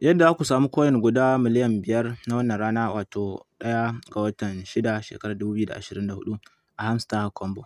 Yadda za samu coin guda miliyan biyar na wannan rana wato ɗaya ga watan shida shekarar dubu biyu da ashirin da hudu a Hamster Combo.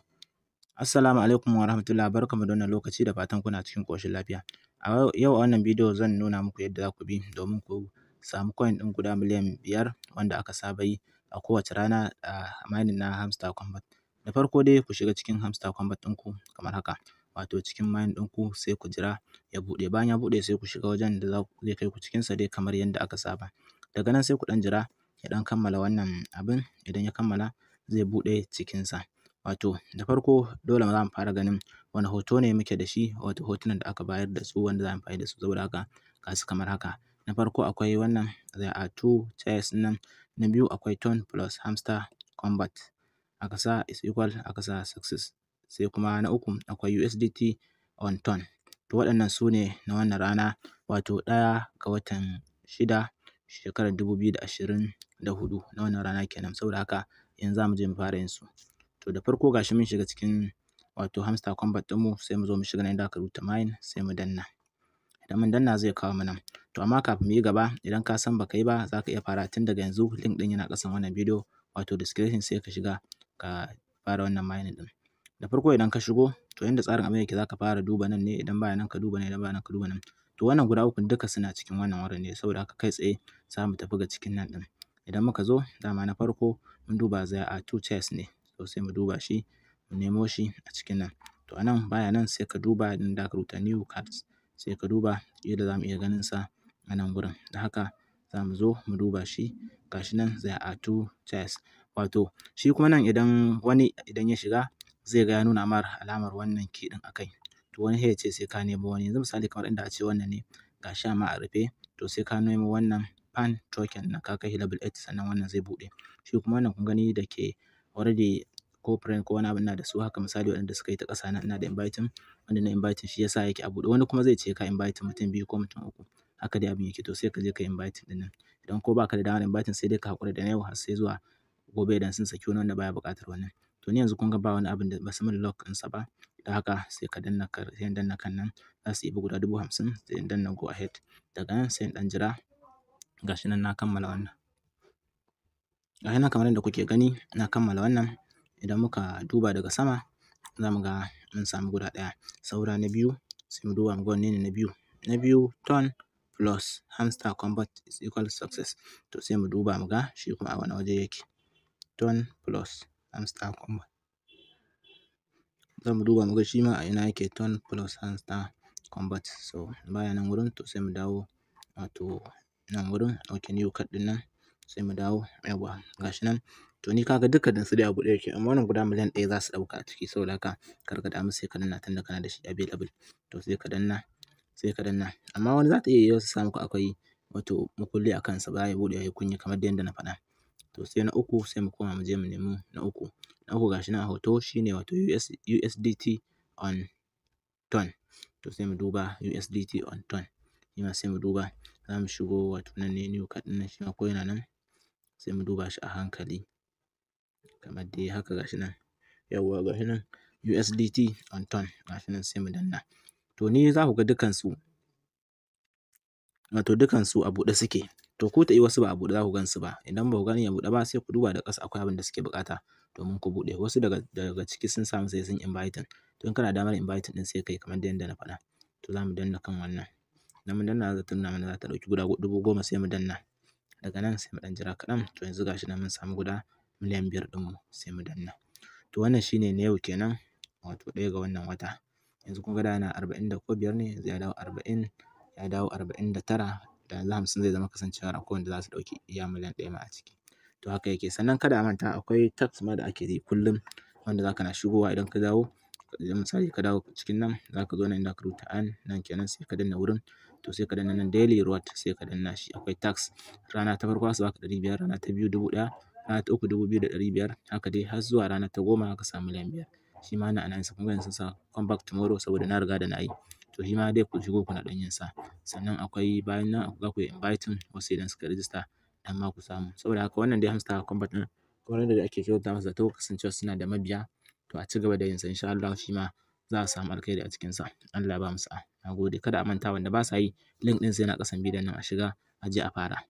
Assalamu alaikum wa rahmatullah barkamu da wannan lokaci da fatan kuna cikin ƙoshin lafiya. A yau a wannan bidiyo zan nuna muku yadda za ku bi domin ku samu coin ɗin guda miliyan biyar wanda aka saba yi a kowace rana a mining na Hamster Combo. Da farko dai ku shiga cikin Hamster Combo ɗinku kamar haka. wato cikin mayin ɗinku sai ku jira ya buɗe. Bayan ya buɗe sai ku shiga wajen da zai kai ku cikinsa dai kamar yadda aka saba. Daga nan sai ku ɗan jira ya ɗan kammala wannan abin idan ya kammala zai buɗe cikinsa. Wato da farko dole za mu fara ganin wani hoto ne muke da shi wato hotunan da aka bayar da su wanda za mu amfani da su saboda haka ga su kamar haka. Na farko akwai wannan there are two chairs nan, na biyu akwai tone plus hamster combat aka sa is equal aka sa success. sai kuma na uku akwai USDT on ton. To waɗannan su ne na wannan rana wato ɗaya ga watan shida shekarar dubu biyu da ashirin da hudu na wannan rana kenan saboda haka yanzu za mu je mu fara yin su. To da farko gashi mun shiga cikin wato hamster combat mu sai mu zo mu shiga na da aka rubuta mine sai mu danna. Idan mun danna zai kawo mana To amma kafin mu yi gaba idan ka san baka yi ba za ka iya fara tun daga yanzu link ɗin yana kasan wannan bidiyo wato description sai ka shiga ka fara wannan mining ɗin. da farko idan ka shigo to yanda tsarin abin yake za ka fara duba nan ne idan baya nan ka duba nan idan baya nan ka duba nan to wannan guda uku duka suna cikin wannan wurin ne saboda haka kai tsaye za mu tafi ga cikin nan ɗin idan muka zo dama na farko mun duba za a two chairs ne to sai mu duba shi mu nemo shi a cikin nan to anan baya nan sai ka duba idan da ka rubuta new cards sai ka duba yadda za mu iya ganin sa a nan gurin da haka za mu zo mu duba shi gashi nan za a two chairs wato shi kuma nan idan wani idan ya shiga zai ga ya nuna mar alamar wannan key ɗin a kai. To wani sai ya ce sai ka nemo wani. Yanzu misali kamar inda a ce wannan ne ga sha amma a rufe to sai ka nemo wannan PAN token na ka kai level 8 sannan wannan zai buɗe. Shi kuma wannan kun gani da ke already ko friend ko wani abu ina da su haka misali waɗanda suka yi ta ƙasa na ina da inviting wanda na inviting shi yasa yake a buɗe. Wani kuma zai ce ka inviting mutum biyu ko mutum uku. Haka dai abin yake to sai ka je ka inviting ɗin nan. Idan ko ba ka da damar inviting sai dai ka haƙura da na yau har sai zuwa gobe idan sun saki wani wanda baya buƙatar wannan. To ni yanzu kun ga ba wani abin da ba su min lock sa ba. Da haka sai ka danna kar sai in danna kan nan za su ibi guda dubu hamsin sai in danna go ahead. Daga nan sai in ɗan jira gashi nan na kammala wannan. ga yana kamar yadda kuke gani na kammala wannan. Idan muka duba daga sama za mu ga mun samu guda ɗaya. Saura na biyu sai mu duba mu ga na biyu. Na biyu ton plus hamster combat is equal success. To sai mu duba mu ga shi kuma a wani waje yake. Ton plus. hamster combo. zamu mu duba mu ga shi ma a ina yake turn plus hamster combat. So baya nan wurin to sai mu dawo wato nan wurin ɗauke new card ɗin nan sai mu dawo yawwa gashi nan. To ni kaga dukkanin su dai abu ɗaya ke amma wannan guda miliyan ɗaya za su ɗauka a ciki saboda haka kar ka damu sai ka danna tunda kana da shi available. To sai ka danna sai ka danna amma wani za ta iya yiwuwa su sa muku akwai wato mukulli a kansa ba ya buɗewa sai kun kamar dai yadda na faɗa. to sai na uku sai mu koma mu je mu nemo na uku na uku gashi nan a hoto shine wato US, USDT on ton to sai mu duba USDT on ton shi ma sai mu duba za mu shigo wato nan ne new card nan shi ma ko yana nan sai mu duba shi a hankali kamar dai haka gashi nan yawwa gashi nan USDT on ton gashi nan sai mu danna to ni za ku ga dukansu wato dukansu a buɗe suke to ko ta yi wasu ba a buɗe za ku gansu ba idan ba ku gani ya buɗe ba sai ku duba da ƙasa akwai abin da suke buƙata domin ku buɗe wasu daga daga ciki sun samu sai sun inviting to in kana damar inviting din sai kai kamar yadda na faɗa to za mu danna kan wannan idan mun danna za ta nuna mana za ta ɗauki guda dubu goma sai mu danna daga nan sai mu ɗan jira kaɗan to yanzu gashi na mun samu guda miliyan biyar ɗinmu sai mu danna to wannan shine na yau kenan wato ɗaya ga wannan wata yanzu kun ga da yana arba'in da ko biyar ne yanzu ya dawo arba'in ya dawo arba'in da tara da yanzu hamsin zai zama kasancewar a kowanne za su ɗauki iya miliyan ɗaya ma a ciki to haka yake sannan kada a manta akwai tax ma da ake yi kullum wanda zaka na shigowa idan ka dawo misali ka dawo cikin nan zaka zo nan inda ka rubuta an nan kenan sai ka danna wurin to sai ka danna nan daily road sai ka danna shi akwai tax rana ta farko su baka ɗari biyar rana ta biyu dubu ɗaya rana ta uku dubu biyu da ɗari biyar haka dai har zuwa rana ta goma ka samu miliyan biyar shi ma na anan sa kuma yanzu sa come back tomorrow saboda na riga da na yi to shi ma dai ku shigo kuna ɗan yin sa sannan akwai bayan nan za ku yi inviting wasu idan suka register dan ma ku samu saboda haka wannan dai hamster combat ɗin kamar yadda ake kyauta masa zato kasancewa suna da mabiya to a ci gaba da yin sa insha Allah shi za a samu alkhairi a cikin sa Allah ya ba mu sa'a nagode kada a manta wanda ba sa yi link ɗin sai yana ƙasan bidiyon nan a shiga a je a fara